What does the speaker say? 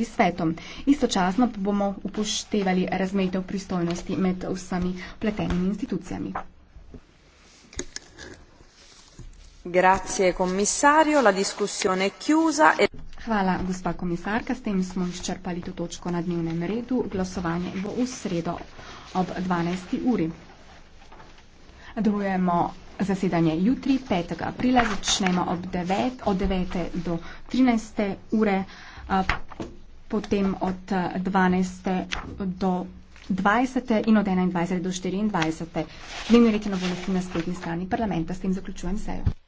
tudi svetom. Istočasno pa bomo upoštevali razmejitev pristojnosti med vsemi pletenimi institucijami. Grazie, komisarjo. La diskusione je chiusa. E... Hvala, gospa komisarka. S tem smo izčrpali to točko na dnevnem redu. Glasovanje bo v sredo ob 12. uri. Drujemo zasedanje jutri, 5. aprila. Začnemo ob 9, od 9. do 13. ure. A, potem od 12. Eh, do 20. in od 21. do 24. Dnevni red je na voljo na spletni strani parlamenta. S tem zaključujem sejo.